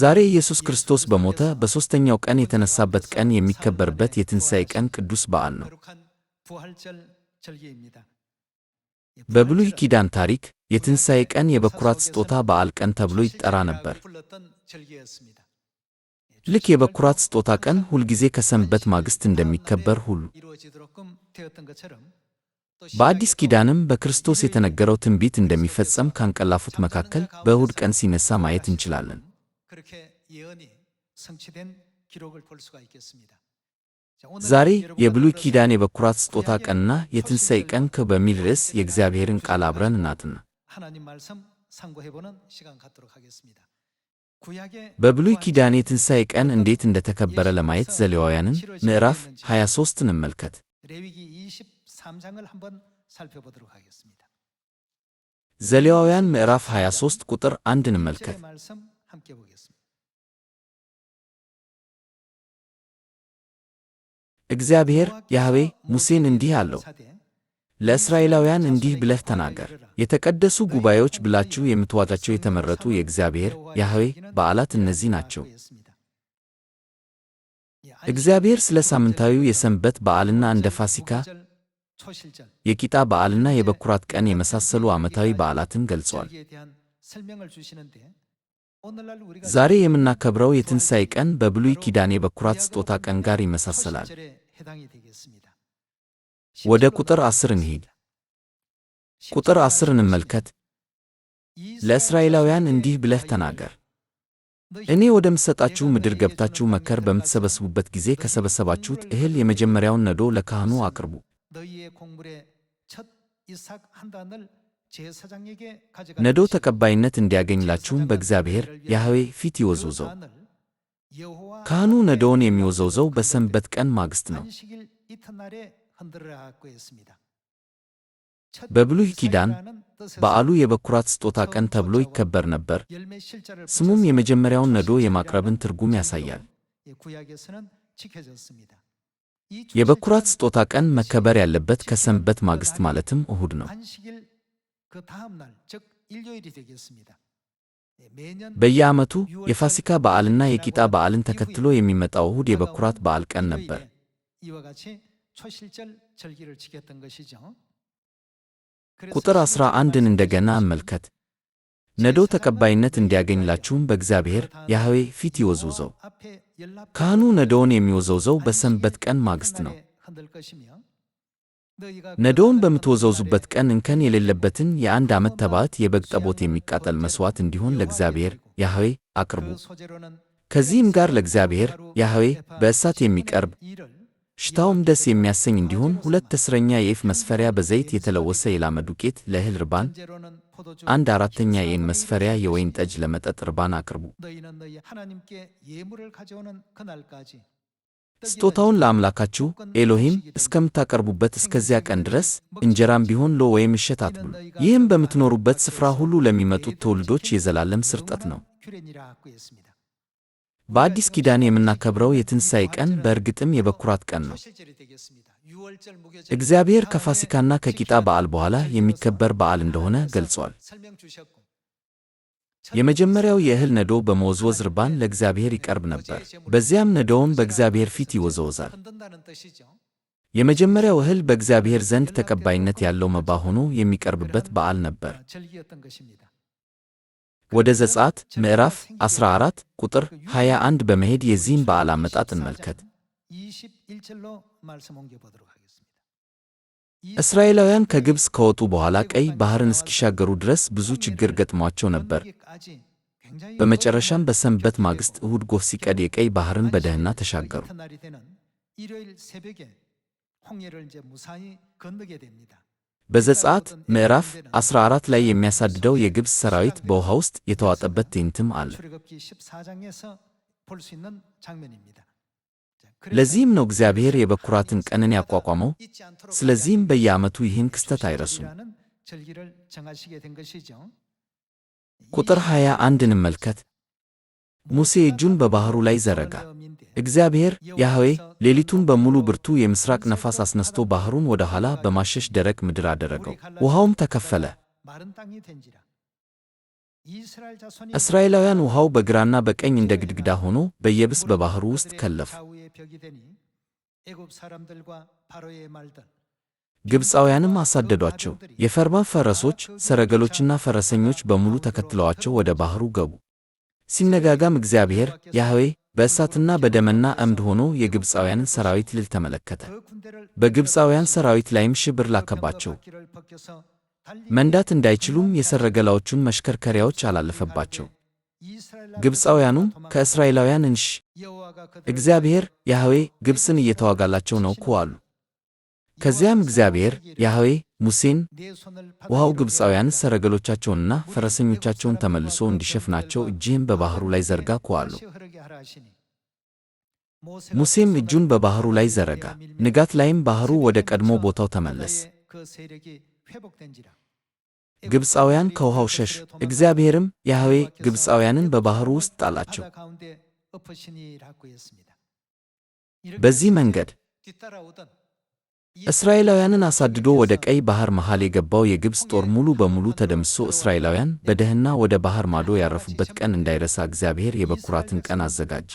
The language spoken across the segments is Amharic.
ዛሬ ኢየሱስ ክርስቶስ በሞተ በሦስተኛው ቀን የተነሳበት ቀን የሚከበርበት የትንሣኤ ቀን ቅዱስ በዓል ነው። በብሉይ ኪዳን ታሪክ የትንሣኤ ቀን የበኩራት ስጦታ በዓል ቀን ተብሎ ይጠራ ነበር። ልክ የበኩራት ስጦታ ቀን ሁልጊዜ ከሰንበት ማግስት እንደሚከበር ሁሉ በአዲስ ኪዳንም በክርስቶስ የተነገረው ትንቢት እንደሚፈጸም ካንቀላፉት መካከል በእሁድ ቀን ሲነሳ ማየት እንችላለን። 예언이 성취된 기록을 볼 수가 있겠습니다. ዛሬ የብሉይ ኪዳን የበኩራት ስጦታ ቀንና የትንሣኤ ቀን በሚል ርዕስ የእግዚአብሔርን ቃል አብረን እናጥና። በብሉይ ኪዳን የትንሣኤ ቀን እንዴት እንደተከበረ ለማየት ዘሌዋውያንን ምዕራፍ 23 እንመልከት። ዘሌዋውያን ምዕራፍ 23 ቁጥር 1 እንመልከት። እግዚአብሔር ያህዌ ሙሴን እንዲህ አለው፣ ለእስራኤላውያን እንዲህ ብለህ ተናገር። የተቀደሱ ጉባኤዎች ብላችሁ የምትዋጋቸው የተመረጡ የእግዚአብሔር ያህዌ በዓላት እነዚህ ናቸው። እግዚአብሔር ስለ ሳምንታዊው የሰንበት በዓልና እንደ ፋሲካ፣ የቂጣ በዓልና የበኩራት ቀን የመሳሰሉ ዓመታዊ በዓላትን ገልጿል። ዛሬ የምናከብረው የትንሣኤ ቀን በብሉይ ኪዳን የበኩራት ስጦታ ቀን ጋር ይመሳሰላል። ወደ ቁጥር ዐሥር እንሂድ። ቁጥር ዐሥር እንመልከት። ለእስራኤላውያን እንዲህ ብለህ ተናገር፣ እኔ ወደምሰጣችሁ ምድር ገብታችሁ መከር በምትሰበስቡበት ጊዜ ከሰበሰባችሁት እህል የመጀመሪያውን ነዶ ለካህኑ አቅርቡ። ነዶ ተቀባይነት እንዲያገኝላችሁም በእግዚአብሔር ያህዌ ፊት ይወዘውዘው። ካህኑ ነዶውን የሚወዘውዘው በሰንበት ቀን ማግስት ነው። በብሉይ ኪዳን በዓሉ የበኩራት ስጦታ ቀን ተብሎ ይከበር ነበር። ስሙም የመጀመሪያውን ነዶ የማቅረብን ትርጉም ያሳያል። የበኩራት ስጦታ ቀን መከበር ያለበት ከሰንበት ማግስት ማለትም እሁድ ነው። በየዓመቱ የፋሲካ በዓልና የቂጣ በዓልን ተከትሎ የሚመጣው እሁድ የበኩራት በዓል ቀን ነበር። ቁጥር 11ን እንደገና አመልከት። ነዶ ተቀባይነት እንዲያገኝላችሁም በእግዚአብሔር ያህዌ ፊት ይወዝውዘው። ካህኑ ነዶውን የሚወዘውዘው በሰንበት ቀን ማግስት ነው። ነዶውን በምትወዘውዙበት ቀን እንከን የሌለበትን የአንድ ዓመት ተባት የበግ ጠቦት የሚቃጠል መሥዋዕት እንዲሆን ለእግዚአብሔር ያህዌ አቅርቡ። ከዚህም ጋር ለእግዚአብሔር ያህዌ በእሳት የሚቀርብ ሽታውም ደስ የሚያሰኝ እንዲሆን ሁለት ተስረኛ የኢፍ መስፈሪያ በዘይት የተለወሰ የላመ ዱቄት ለእህል ርባን፣ አንድ አራተኛ የኢን መስፈሪያ የወይን ጠጅ ለመጠጥ ርባን አቅርቡ። ስጦታውን ለአምላካችሁ ኤሎሂም እስከምታቀርቡበት እስከዚያ ቀን ድረስ እንጀራም ቢሆን ሎ ወይም እሸት አትብሉ። ይህም በምትኖሩበት ስፍራ ሁሉ ለሚመጡት ትውልዶች የዘላለም ስርጠት ነው። በአዲስ ኪዳን የምናከብረው የትንሣኤ ቀን በእርግጥም የበኩራት ቀን ነው። እግዚአብሔር ከፋሲካና ከቂጣ በዓል በኋላ የሚከበር በዓል እንደሆነ ገልጿል። የመጀመሪያው የእህል ነዶ በመወዝወዝ ርባን ለእግዚአብሔር ይቀርብ ነበር። በዚያም ነዶውን በእግዚአብሔር ፊት ይወዘወዛል። የመጀመሪያው እህል በእግዚአብሔር ዘንድ ተቀባይነት ያለው መባ ሆኖ የሚቀርብበት በዓል ነበር። ወደ ዘጸአት ምዕራፍ 14 ቁጥር 21 በመሄድ የዚህን በዓል አመጣጥ እንመልከት። እስራኤላውያን ከግብፅ ከወጡ በኋላ ቀይ ባሕርን እስኪሻገሩ ድረስ ብዙ ችግር ገጥሟቸው ነበር። በመጨረሻም በሰንበት ማግስት እሁድ ጎህ ሲቀድ የቀይ ባሕርን በደህና ተሻገሩ። በዘጸአት ምዕራፍ 14 ላይ የሚያሳድደው የግብፅ ሰራዊት በውሃ ውስጥ የተዋጠበት ትዕይንትም አለ። ለዚህም ነው እግዚአብሔር የበኩራትን ቀንን ያቋቋመው። ስለዚህም በየዓመቱ ይህን ክስተት አይረሱም። ቁጥር 21 እንመልከት። ሙሴ እጁን በባሕሩ ላይ ዘረጋ። እግዚአብሔር ያህዌ ሌሊቱን በሙሉ ብርቱ የምሥራቅ ነፋስ አስነስቶ ባሕሩን ወደ ኋላ በማሸሽ ደረቅ ምድር አደረገው፣ ውኃውም ተከፈለ። እስራኤላውያን ውኃው በግራና በቀኝ እንደ ግድግዳ ሆኖ በየብስ በባሕሩ ውስጥ ከለፉ። 되니 애굽 사람들과 바로의 말들 ግብፃውያንም አሳደዷቸው። የፈርዖን ፈረሶች፣ ሰረገሎችና ፈረሰኞች በሙሉ ተከትለዋቸው ወደ ባሕሩ ገቡ። ሲነጋጋም እግዚአብሔር ያህዌ በእሳትና በደመና እምድ ሆኖ የግብፃውያንን ሰራዊት ልል ተመለከተ። በግብፃውያን ሰራዊት ላይም ሽብር ላከባቸው። መንዳት እንዳይችሉም የሰረገላዎቹን መሽከርከሪያዎች አላለፈባቸው። ግብፃውያኑም ከእስራኤላውያን እንሽ እግዚአብሔር ያህዌ ግብፅን እየተዋጋላቸው ነው እኮ አሉ። ከዚያም እግዚአብሔር ያህዌ ሙሴን ውሃው ግብፃውያን ሰረገሎቻቸውንና ፈረሰኞቻቸውን ተመልሶ እንዲሸፍናቸው እጅህም በባሕሩ ላይ ዘርጋ እኮ አሉ። ሙሴም እጁን በባሕሩ ላይ ዘረጋ። ንጋት ላይም ባሕሩ ወደ ቀድሞ ቦታው ተመለስ ግብፃውያን ከውሃው ሸሹ። እግዚአብሔርም ያህዌ ግብፃውያንን በባሕሩ ውስጥ ጣላቸው። በዚህ መንገድ እስራኤላውያንን አሳድዶ ወደ ቀይ ባሕር መሃል የገባው የግብፅ ጦር ሙሉ በሙሉ ተደምሶ እስራኤላውያን በደህና ወደ ባሕር ማዶ ያረፉበት ቀን እንዳይረሳ እግዚአብሔር የበኩራትን ቀን አዘጋጀ።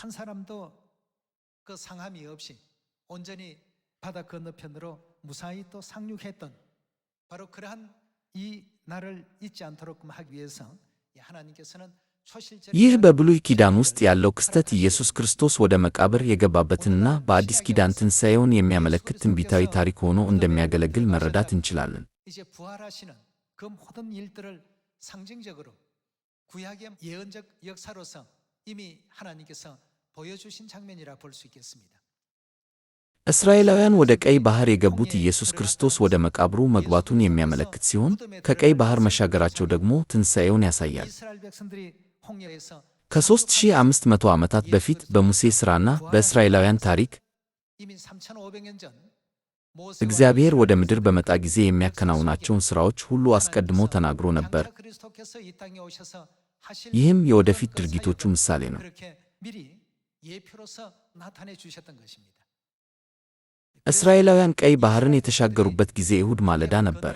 ይህ በብሉይ ኪዳን ውስጥ ያለው ክስተት ኢየሱስ ክርስቶስ ወደ መቃብር የገባበትንና በአዲስ ኪዳን ትንሣኤውን የሚያመለክት ትንቢታዊ ታሪክ ሆኖ እንደሚያገለግል መረዳት እንችላለን። ይህ እስራኤላውያን ወደ ቀይ ባህር የገቡት ኢየሱስ ክርስቶስ ወደ መቃብሩ መግባቱን የሚያመለክት ሲሆን ከቀይ ባህር መሻገራቸው ደግሞ ትንሣኤውን ያሳያል። ከ3500 ዓመታት በፊት በሙሴ ሥራና በእስራኤላውያን ታሪክ እግዚአብሔር ወደ ምድር በመጣ ጊዜ የሚያከናውናቸውን ሥራዎች ሁሉ አስቀድሞ ተናግሮ ነበር። ይህም የወደፊት ድርጊቶቹ ምሳሌ ነው። እስራኤላውያን ቀይ ባሕርን የተሻገሩበት ጊዜ እሁድ ማለዳ ነበር።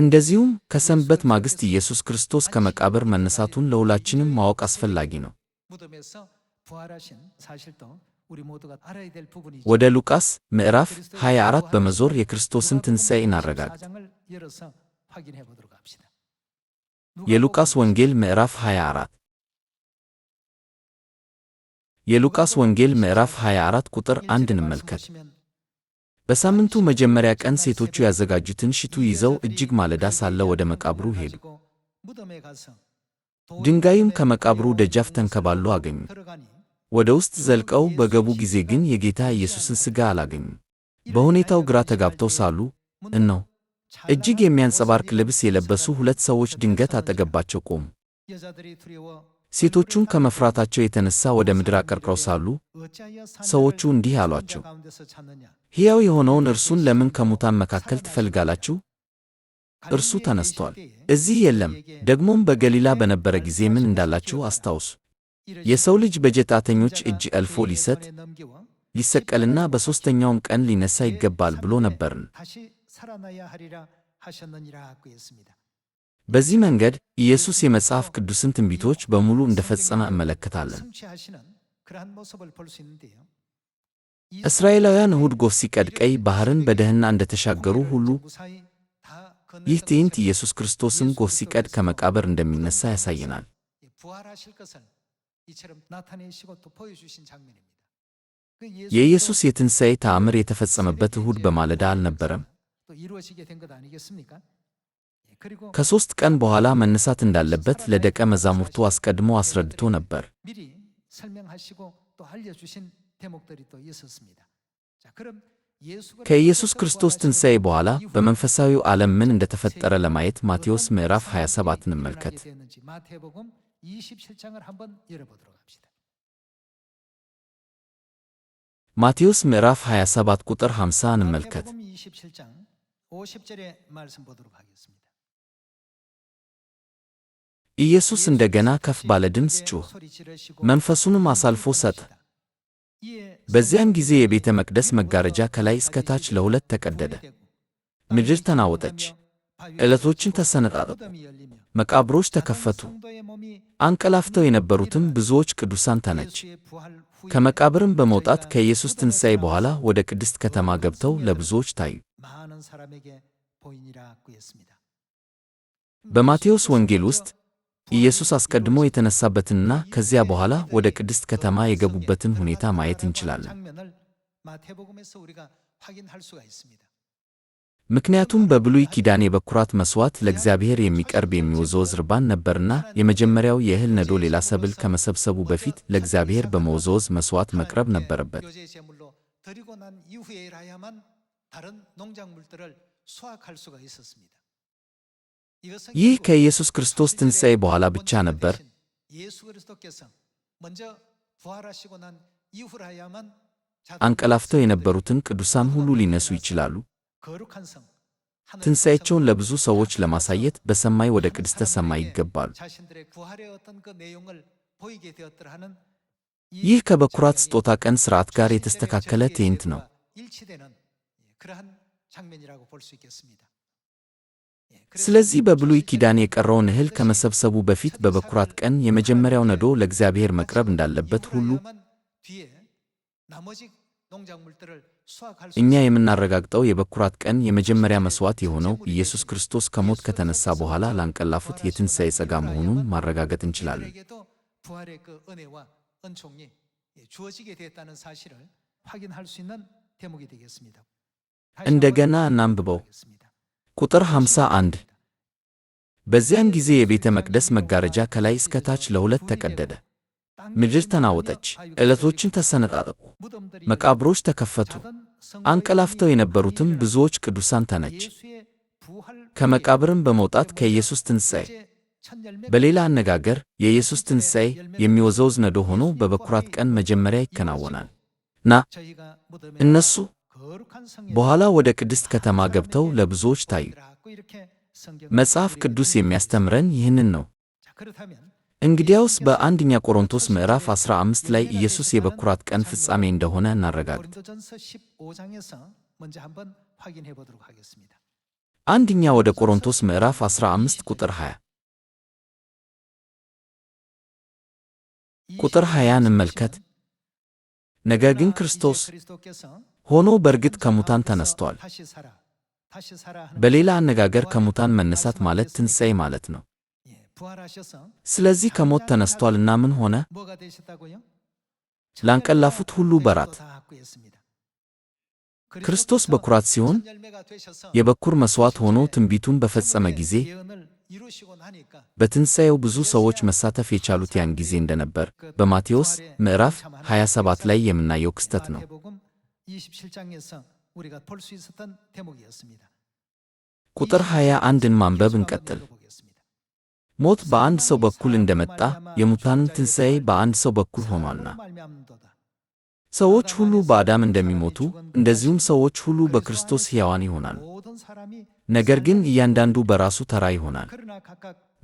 እንደዚሁም ከሰንበት ማግስት ኢየሱስ ክርስቶስ ከመቃብር መነሳቱን ለሁላችንም ማወቅ አስፈላጊ ነው። ወደ ሉቃስ ምዕራፍ 24 በመዞር የክርስቶስን ትንሣኤ እናረጋግጥ። የሉቃስ ወንጌል ምዕራፍ 24 የሉቃስ ወንጌል ምዕራፍ 24 ቁጥር 1 እንመልከት። በሳምንቱ መጀመሪያ ቀን ሴቶቹ ያዘጋጁትን ሽቱ ይዘው እጅግ ማለዳ ሳለ ወደ መቃብሩ ሄዱ። ድንጋዩም ከመቃብሩ ደጃፍ ተንከባሎ አገኙ። ወደ ውስጥ ዘልቀው በገቡ ጊዜ ግን የጌታ ኢየሱስን ሥጋ አላገኙ። በሁኔታው ግራ ተጋብተው ሳሉ እነው እጅግ የሚያንጸባርቅ ልብስ የለበሱ ሁለት ሰዎች ድንገት አጠገባቸው ቆሙ። ሴቶቹን ከመፍራታቸው የተነሳ ወደ ምድር አቀርቅረው ሳሉ ሰዎቹ እንዲህ አሏቸው፣ ሕያው የሆነውን እርሱን ለምን ከሙታን መካከል ትፈልጋላችሁ? እርሱ ተነስቷል፣ እዚህ የለም። ደግሞም በገሊላ በነበረ ጊዜ ምን እንዳላችሁ አስታውሱ። የሰው ልጅ በኃጢአተኞች እጅ አልፎ ሊሰጥ ሊሰቀልና በሦስተኛውም ቀን ሊነሣ ይገባል ብሎ ነበርን። በዚህ መንገድ ኢየሱስ የመጽሐፍ ቅዱስን ትንቢቶች በሙሉ እንደፈጸመ እመለከታለን። እስራኤላውያን እሁድ ጎህ ሲቀድ ቀይ ባሕርን በደህና እንደተሻገሩ ሁሉ ይህ ትዕይንት ኢየሱስ ክርስቶስም ጎህ ሲቀድ ከመቃብር እንደሚነሳ ያሳየናል። የኢየሱስ የትንሣኤ ተአምር የተፈጸመበት እሁድ በማለዳ አልነበረም። ከሦስት ቀን በኋላ መነሳት እንዳለበት ለደቀ መዛሙርቱ አስቀድሞ አስረድቶ ነበር። ከኢየሱስ ክርስቶስ ትንሣኤ በኋላ በመንፈሳዊው ዓለም ምን እንደተፈጠረ ለማየት ማቴዎስ ምዕራፍ 27 እንመልከት። ማቴዎስ ምዕራፍ 27 ቁጥር 50 እንመልከት። ኢየሱስ እንደገና ከፍ ባለ ድምፅ ጮኸ፣ መንፈሱንም አሳልፎ ሰጠ። በዚያን ጊዜ የቤተ መቅደስ መጋረጃ ከላይ እስከ ታች ለሁለት ተቀደደ፣ ምድር ተናወጠች፣ ዕለቶችን ተሰነጣጠቁ፣ መቃብሮች ተከፈቱ፣ አንቀላፍተው የነበሩትም ብዙዎች ቅዱሳን ተነች። ከመቃብርም በመውጣት ከኢየሱስ ትንሣኤ በኋላ ወደ ቅድስት ከተማ ገብተው ለብዙዎች ታዩ። በማቴዎስ ወንጌል ውስጥ ኢየሱስ አስቀድሞ የተነሳበትንና ከዚያ በኋላ ወደ ቅድስት ከተማ የገቡበትን ሁኔታ ማየት እንችላለን። ምክንያቱም በብሉይ ኪዳን የበኩራት መሥዋዕት ለእግዚአብሔር የሚቀርብ የሚወዘወዝ ርባን ነበርና የመጀመሪያው የእህል ነዶ ሌላ ሰብል ከመሰብሰቡ በፊት ለእግዚአብሔር በመወዘወዝ መሥዋዕት መቅረብ ነበረበት። ይህ ከኢየሱስ ክርስቶስ ትንሣኤ በኋላ ብቻ ነበር። አንቀላፍተው የነበሩትን ቅዱሳን ሁሉ ሊነሱ ይችላሉ። ትንሣኤቸውን ለብዙ ሰዎች ለማሳየት በሰማይ ወደ ቅድስተ ሰማይ ይገባሉ። ይህ ከበኩራት ስጦታ ቀን ሥርዓት ጋር የተስተካከለ ትዕይንት ነው። ስለዚህ በብሉይ ኪዳን የቀረውን እህል ከመሰብሰቡ በፊት በበኩራት ቀን የመጀመሪያው ነዶ ለእግዚአብሔር መቅረብ እንዳለበት ሁሉ እኛ የምናረጋግጠው የበኩራት ቀን የመጀመሪያ መሥዋዕት የሆነው ኢየሱስ ክርስቶስ ከሞት ከተነሳ በኋላ ላንቀላፉት የትንሣኤ ጸጋ መሆኑን ማረጋገጥ እንችላለን። እንደገና እናንብበው። ቁጥር 51 በዚያን ጊዜ የቤተ መቅደስ መጋረጃ ከላይ እስከ ታች ለሁለት ተቀደደ፣ ምድር ተናወጠች፣ ዕለቶችን ተሰነጣጠቁ፣ መቃብሮች ተከፈቱ፣ አንቀላፍተው የነበሩትም ብዙዎች ቅዱሳን ተነች። ከመቃብርም በመውጣት ከኢየሱስ ትንሣኤ በሌላ አነጋገር የኢየሱስ ትንሣኤ የሚወዘውዝ ነዶ ሆኖ በበኩራት ቀን መጀመሪያ ይከናወናል ና እነሱ በኋላ ወደ ቅድስት ከተማ ገብተው ለብዙዎች ታዩ። መጽሐፍ ቅዱስ የሚያስተምረን ይህንን ነው። እንግዲያውስ በአንደኛ ቆሮንቶስ ምዕራፍ 15 ላይ ኢየሱስ የበኩራት ቀን ፍጻሜ እንደሆነ እናረጋግጥ። አንደኛ ወደ ቆሮንቶስ ምዕራፍ 15 ቁጥር 20 ቁጥር 20 እንመልከት። ነገር ግን ክርስቶስ ሆኖ በእርግጥ ከሙታን ተነስቷል። በሌላ አነጋገር ከሙታን መነሳት ማለት ትንሣኤ ማለት ነው። ስለዚህ ከሞት ተነስቷል እና ምን ሆነ? ላንቀላፉት ሁሉ በራት። ክርስቶስ በኩራት ሲሆን የበኩር መሥዋዕት ሆኖ ትንቢቱን በፈጸመ ጊዜ በትንሣኤው ብዙ ሰዎች መሳተፍ የቻሉት ያን ጊዜ እንደነበር በማቴዎስ ምዕራፍ 27 ላይ የምናየው ክስተት ነው። 27장에서 우리가 볼수 있었던 대목이었습니다. 구터 하야 ን ማንበብ እንቀጥል። ሞት በአንድ ሰው በኩል እንደመጣ የሙታንን ትንሣኤ በአንድ ሰው በኩል ሆኗልና ሰዎች ሁሉ በአዳም እንደሚሞቱ እንደዚሁም ሰዎች ሁሉ በክርስቶስ ሕያዋን ይሆናሉ። ነገር ግን እያንዳንዱ በራሱ ተራ ይሆናል።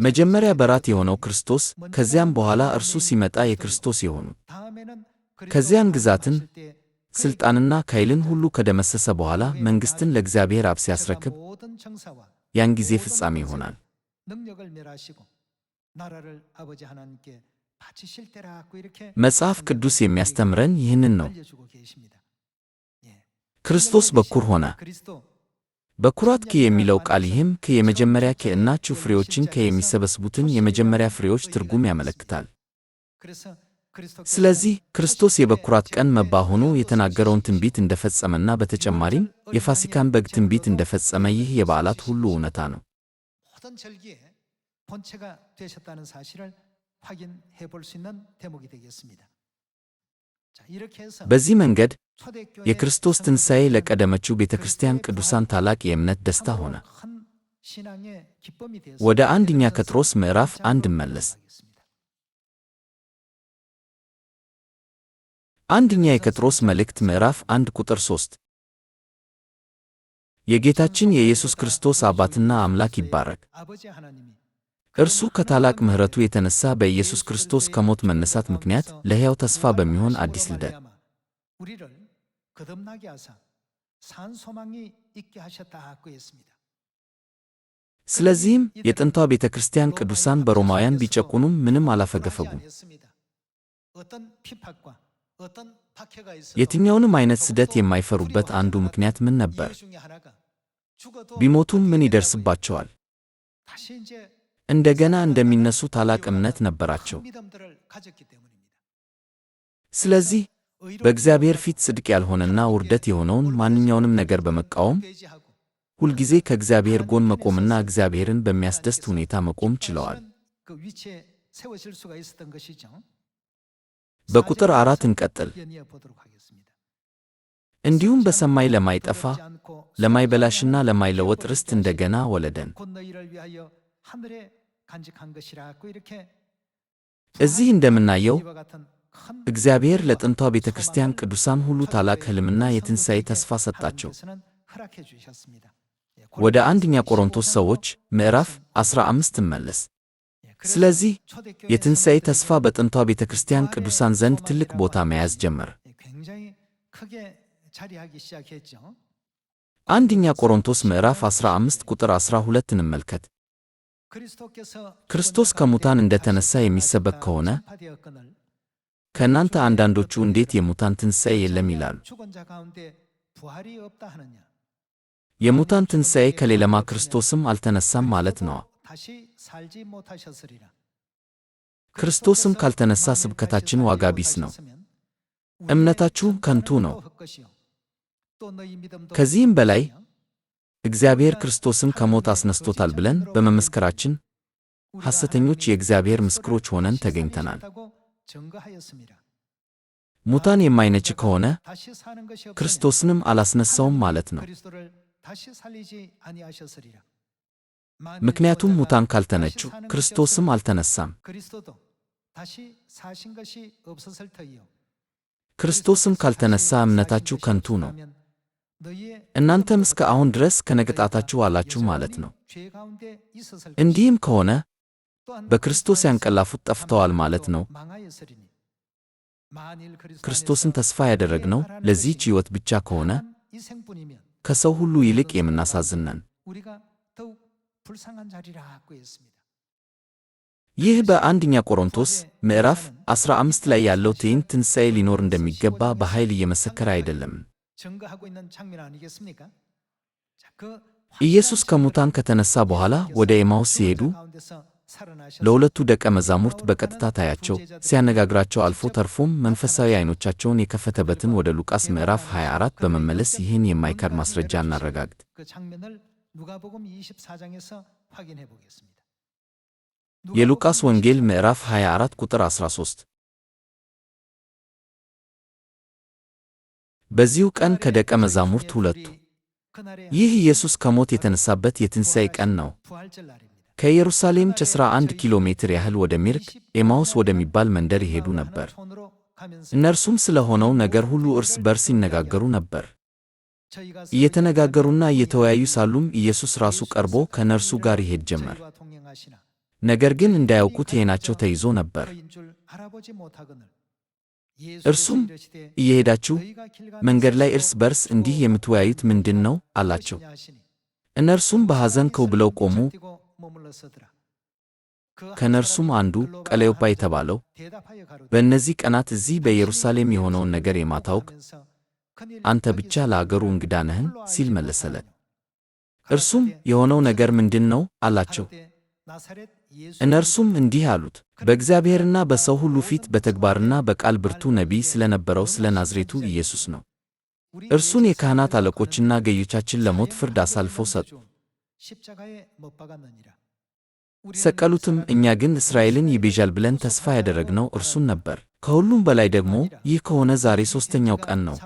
መጀመሪያ በራት የሆነው ክርስቶስ፣ ከዚያም በኋላ እርሱ ሲመጣ የክርስቶስ የሆኑ ከዚያን ግዛትን ሥልጣንና ኃይልን ሁሉ ከደመሰሰ በኋላ መንግሥትን ለእግዚአብሔር አብ ሲያስረክብ ያን ጊዜ ፍጻሜ ይሆናል። መጽሐፍ ቅዱስ የሚያስተምረን ይህንን ነው። ክርስቶስ በኩር ሆነ። በኩራት ከ የሚለው ቃል ይህም ከ የመጀመሪያ ክ ፍሬዎችን ከ የሚሰበስቡትን የመጀመሪያ ፍሬዎች ትርጉም ያመለክታል። ስለዚህ ክርስቶስ የበኩራት ቀን መባ ሆኖ የተናገረውን ትንቢት እንደፈጸመና በተጨማሪም የፋሲካን በግ ትንቢት እንደፈጸመ ይህ የበዓላት ሁሉ እውነታ ነው። በዚህ መንገድ የክርስቶስ ትንሣኤ ለቀደመችው ቤተ ክርስቲያን ቅዱሳን ታላቅ የእምነት ደስታ ሆነ። ወደ አንደኛ ጴጥሮስ ምዕራፍ አንድ መለስ አንደኛ የጴጥሮስ መልእክት ምዕራፍ 1 ቁጥር 3። የጌታችን የኢየሱስ ክርስቶስ አባትና አምላክ ይባረክ። እርሱ ከታላቅ ምሕረቱ የተነሳ በኢየሱስ ክርስቶስ ከሞት መነሳት ምክንያት ለሕያው ተስፋ በሚሆን አዲስ ልደት ስለዚህም የጥንቷ ቤተ ክርስቲያን ቅዱሳን በሮማውያን ቢጨቁኑም ምንም አላፈገፈጉም። የትኛውንም አይነት ስደት የማይፈሩበት አንዱ ምክንያት ምን ነበር? ቢሞቱም ምን ይደርስባቸዋል? እንደገና እንደሚነሱ ታላቅ እምነት ነበራቸው። ስለዚህ በእግዚአብሔር ፊት ጽድቅ ያልሆነና ውርደት የሆነውን ማንኛውንም ነገር በመቃወም ሁልጊዜ ከእግዚአብሔር ጎን መቆምና እግዚአብሔርን በሚያስደስት ሁኔታ መቆም ችለዋል። በቁጥር አራት እንቀጥል። እንዲሁም በሰማይ ለማይጠፋ ለማይበላሽና ለማይለወጥ ርስት እንደገና ወለደን። እዚህ እንደምናየው እግዚአብሔር ለጥንቷ ቤተ ክርስቲያን ቅዱሳን ሁሉ ታላቅ ሕልምና የትንሣኤ ተስፋ ሰጣቸው። ወደ አንደኛ ቆሮንቶስ ሰዎች ምዕራፍ 15 እመለስ። ስለዚህ የትንሣኤ ተስፋ በጥንቷ ቤተ ክርስቲያን ቅዱሳን ዘንድ ትልቅ ቦታ መያዝ ጀመረ። አንደኛ ቆሮንቶስ ምዕራፍ 15 ቁጥር 12 እንመልከት። ክርስቶስ ከሙታን እንደተነሳ የሚሰበክ ከሆነ ከእናንተ አንዳንዶቹ እንዴት የሙታን ትንሣኤ የለም ይላሉ? የሙታን ትንሣኤ ከሌለማ ክርስቶስም አልተነሳም ማለት ነዋ። ክርስቶስም ካልተነሳ ስብከታችን ዋጋ ቢስ ነው፣ እምነታችሁም ከንቱ ነው። ከዚህም በላይ እግዚአብሔር ክርስቶስን ከሞት አስነስቶታል ብለን በመመስከራችን ሐሰተኞች የእግዚአብሔር ምስክሮች ሆነን ተገኝተናል። ሙታን የማይነጭ ከሆነ ክርስቶስንም አላስነሳውም ማለት ነው። ምክንያቱም ሙታን ካልተነጩ ክርስቶስም አልተነሳም። ክርስቶስም ካልተነሳ እምነታችሁ ከንቱ ነው። እናንተም እስከ አሁን ድረስ ከነቅጣታችሁ አላችሁ ማለት ነው። እንዲህም ከሆነ በክርስቶስ ያንቀላፉት ጠፍተዋል ማለት ነው። ክርስቶስን ተስፋ ያደረግነው ለዚህች ሕይወት ብቻ ከሆነ ከሰው ሁሉ ይልቅ የምናሳዝነን ይህ በአንደኛ ቆሮንቶስ ምዕራፍ 15 ላይ ያለው ትዕይንት ትንሣኤ ሊኖር እንደሚገባ በኃይል እየመሰከረ አይደለም። ኢየሱስ ከሙታን ከተነሳ በኋላ ወደ ኤማውስ ሲሄዱ ለሁለቱ ደቀ መዛሙርት በቀጥታ ታያቸው ሲያነጋግራቸው አልፎ ተርፎም መንፈሳዊ ዐይኖቻቸውን የከፈተበትን ወደ ሉቃስ ምዕራፍ 24 በመመለስ ይህን የማይከር ማስረጃ እናረጋግጥ። 누가복음 24장에서 확인해 보겠습니다. የሉቃስ ወንጌል ምዕራፍ 24 ቁጥር 13 በዚሁ ቀን ከደቀ መዛሙርት ሁለቱ ይህ ኢየሱስ ከሞት የተነሳበት የትንሣኤ ቀን ነው። ከኢየሩሳሌም 11 ኪሎ ሜትር ያህል ወደ ሚርቅ ኤማውስ ወደሚባል መንደር ይሄዱ ነበር። እነርሱም ስለሆነው ነገር ሁሉ እርስ በርስ ይነጋገሩ ነበር። እየተነጋገሩና እየተወያዩ ሳሉም ኢየሱስ ራሱ ቀርቦ ከነርሱ ጋር ይሄድ ጀመር። ነገር ግን እንዳያውቁት ዓይናቸው ተይዞ ነበር። እርሱም እየሄዳችሁ መንገድ ላይ እርስ በርስ እንዲህ የምትወያዩት ምንድን ነው? አላቸው። እነርሱም በሐዘን ከው ብለው ቆሙ። ከነርሱም አንዱ ቀለዮጳ የተባለው በእነዚህ ቀናት እዚህ በኢየሩሳሌም የሆነውን ነገር የማታውቅ አንተ ብቻ ለአገሩ እንግዳ ነህን? ሲል መለሰለት። እርሱም የሆነው ነገር ምንድን ነው? አላቸው። እነርሱም እንዲህ አሉት፣ በእግዚአብሔርና በሰው ሁሉ ፊት በተግባርና በቃል ብርቱ ነቢይ ስለነበረው ስለ ናዝሬቱ ኢየሱስ ነው። እርሱን የካህናት አለቆችና ገዮቻችን ለሞት ፍርድ አሳልፈው ሰጡ፣ ሰቀሉትም። እኛ ግን እስራኤልን ይቤዣል ብለን ተስፋ ያደረግነው እርሱን ነበር። ከሁሉም በላይ ደግሞ ይህ ከሆነ ዛሬ ሦስተኛው ቀን ነው።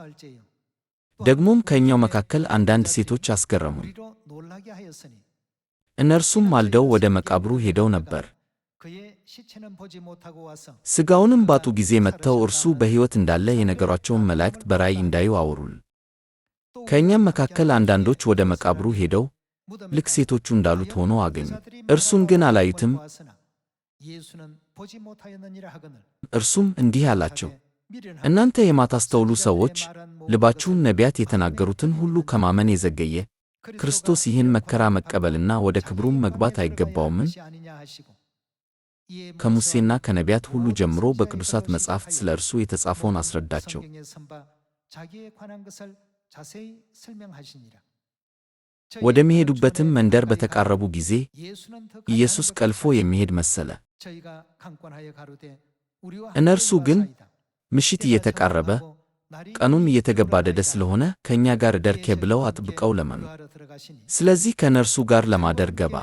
ደግሞም ከእኛው መካከል አንዳንድ ሴቶች አስገረሙኝ። እነርሱም ማልደው ወደ መቃብሩ ሄደው ነበር። ሥጋውንም ባጡ ጊዜ መጥተው እርሱ በሕይወት እንዳለ የነገሯቸውን መላእክት በራእይ እንዳዩ አወሩን። ከእኛም መካከል አንዳንዶች ወደ መቃብሩ ሄደው ልክ ሴቶቹ እንዳሉት ሆኖ አገኙ። እርሱን ግን አላዩትም። እርሱም እንዲህ አላቸው እናንተ የማታስተውሉ ሰዎች ልባችሁን ነቢያት የተናገሩትን ሁሉ ከማመን የዘገየ ክርስቶስ ይህን መከራ መቀበልና ወደ ክብሩም መግባት አይገባውምን? ከሙሴና ከነቢያት ሁሉ ጀምሮ በቅዱሳት መጻሕፍት ስለ እርሱ የተጻፈውን አስረዳቸው። ወደሚሄዱበትም መንደር በተቃረቡ ጊዜ ኢየሱስ ቀልፎ የሚሄድ መሰለ። እነርሱ ግን ምሽት እየተቃረበ ቀኑም እየተገባደደ ስለሆነ ከእኛ ጋር ደርኬ ብለው አጥብቀው ለመኑ። ስለዚህ ከነርሱ ጋር ለማደር ገባ።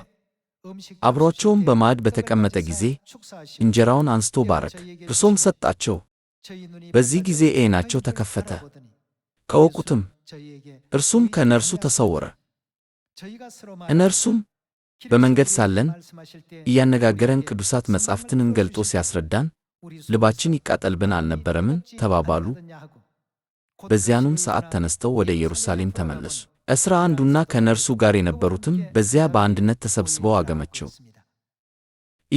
አብሯቸውም በማዕድ በተቀመጠ ጊዜ እንጀራውን አንስቶ ባረክ እርሶም ሰጣቸው። በዚህ ጊዜ ዐይናቸው ተከፈተ፣ ከወቁትም፣ እርሱም ከእነርሱ ተሰወረ። እነርሱም በመንገድ ሳለን እያነጋገረን ቅዱሳት መጻሕፍትን ገልጦ ሲያስረዳን ልባችን ይቃጠልብን አልነበረምን? ተባባሉ። በዚያንም ሰዓት ተነስተው ወደ ኢየሩሳሌም ተመለሱ። እስራ አንዱና ከነርሱ ጋር የነበሩትም በዚያ በአንድነት ተሰብስበው አገመቸው።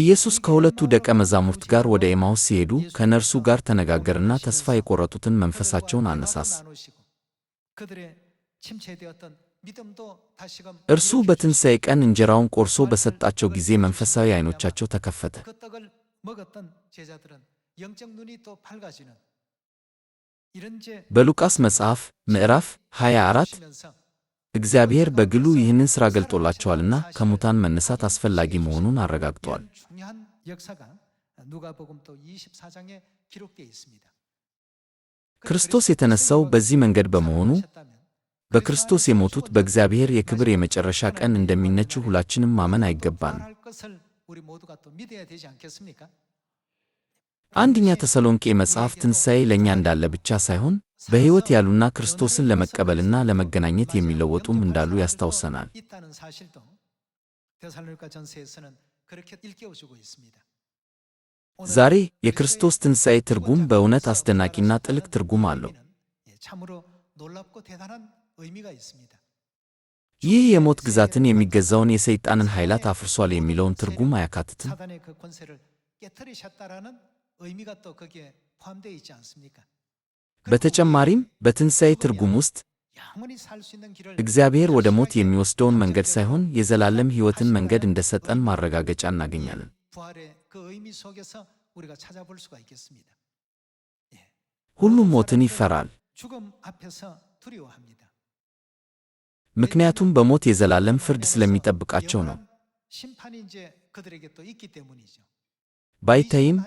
ኢየሱስ ከሁለቱ ደቀ መዛሙርት ጋር ወደ ኤማውስ ሲሄዱ ከነርሱ ጋር ተነጋገርና ተስፋ የቆረጡትን መንፈሳቸውን አነሳስ። እርሱ በትንሣኤ ቀን እንጀራውን ቆርሶ በሰጣቸው ጊዜ መንፈሳዊ ዐይኖቻቸው ተከፈተ። በሉቃስ መጽሐፍ ምዕራፍ 24 እግዚአብሔር በግሉ ይህንን ሥራ ገልጦላቸዋልና ከሙታን መነሳት አስፈላጊ መሆኑን አረጋግጧል። ክርስቶስ የተነሳው በዚህ መንገድ በመሆኑ በክርስቶስ የሞቱት በእግዚአብሔር የክብር የመጨረሻ ቀን እንደሚነጹ ሁላችንም ማመን አይገባን። አንደኛ ተሰሎንቄ መጽሐፍ ትንሣኤ ለእኛ እንዳለ ብቻ ሳይሆን በሕይወት ያሉና ክርስቶስን ለመቀበልና ለመገናኘት የሚለወጡም እንዳሉ ያስታውሰናል። ዛሬ የክርስቶስ ትንሣኤ ትርጉም በእውነት አስደናቂና ጥልቅ ትርጉም አለው። ቻምሮ ይህ የሞት ግዛትን የሚገዛውን የሰይጣንን ኃይላት አፍርሷል የሚለውን ትርጉም አያካትትም። በተጨማሪም በትንሣኤ ትርጉም ውስጥ እግዚአብሔር ወደ ሞት የሚወስደውን መንገድ ሳይሆን የዘላለም ሕይወትን መንገድ እንደ ሰጠን ማረጋገጫ እናገኛለን። ሁሉም ሞትን ይፈራል። ምክንያቱም በሞት የዘላለም ፍርድ ስለሚጠብቃቸው ነው። ባይታይም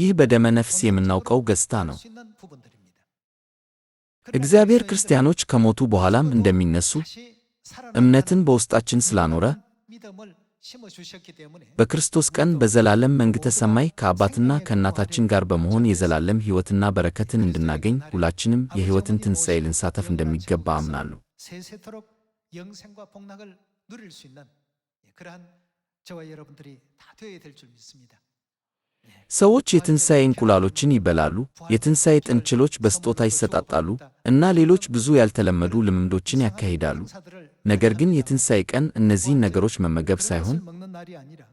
ይህ በደመ ነፍስ የምናውቀው ገጽታ ነው። እግዚአብሔር ክርስቲያኖች ከሞቱ በኋላም እንደሚነሱ እምነትን በውስጣችን ስላኖረ በክርስቶስ ቀን በዘላለም መንግሥተ ሰማይ ከአባትና ከእናታችን ጋር በመሆን የዘላለም ሕይወትና በረከትን እንድናገኝ ሁላችንም የሕይወትን ትንሣኤ ልንሳተፍ እንደሚገባ አምናለሁ። 영생과 복락을 누릴 수 있는 ሰዎች የትንሣኤ እንቁላሎችን ይበላሉ፣ የትንሣኤ ጥንችሎች በስጦታ ይሰጣጣሉ እና ሌሎች ብዙ ያልተለመዱ ልምምዶችን ያካሂዳሉ። ነገር ግን የትንሣኤ ቀን እነዚህን ነገሮች መመገብ ሳይሆን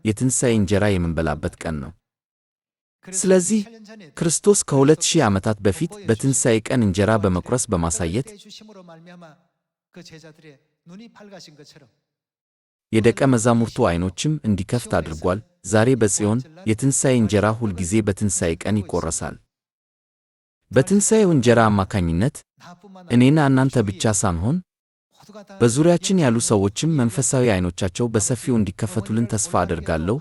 የትንሣኤ እንጀራ የምንበላበት ቀን ነው። ስለዚህ ክርስቶስ ከሁለት ሺህ ዓመታት በፊት በትንሣኤ ቀን እንጀራ በመቁረስ በማሳየት የደቀ መዛሙርቱ ዓይኖችም እንዲከፍት አድርጓል። ዛሬ በጽዮን የትንሣኤ እንጀራ ሁልጊዜ በትንሣኤ ቀን ይቆረሳል። በትንሣኤው እንጀራ አማካኝነት እኔና እናንተ ብቻ ሳንሆን በዙሪያችን ያሉ ሰዎችም መንፈሳዊ ዓይኖቻቸው በሰፊው እንዲከፈቱልን ተስፋ አደርጋለሁ።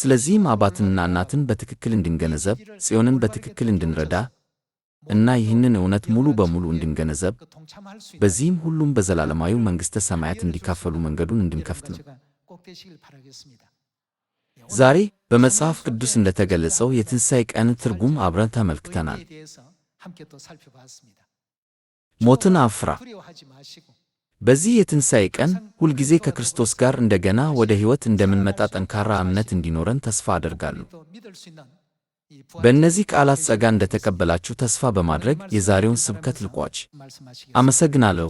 ስለዚህም አባትንና እናትን በትክክል እንድንገነዘብ፣ ጽዮንን በትክክል እንድንረዳ እና ይህንን እውነት ሙሉ በሙሉ እንድንገነዘብ በዚህም ሁሉም በዘላለማዊው መንግሥተ ሰማያት እንዲካፈሉ መንገዱን እንድንከፍት ነው። ዛሬ በመጽሐፍ ቅዱስ እንደተገለጸው የትንሣኤ ቀን ትርጉም አብረን ተመልክተናል። ሞትን አፍራ በዚህ የትንሣኤ ቀን ሁልጊዜ ከክርስቶስ ጋር እንደገና ወደ ሕይወት እንደምንመጣ ጠንካራ እምነት እንዲኖረን ተስፋ አደርጋለሁ። በእነዚህ ቃላት ጸጋ እንደተቀበላችሁ ተስፋ በማድረግ የዛሬውን ስብከት ልቋጭ። አመሰግናለሁ።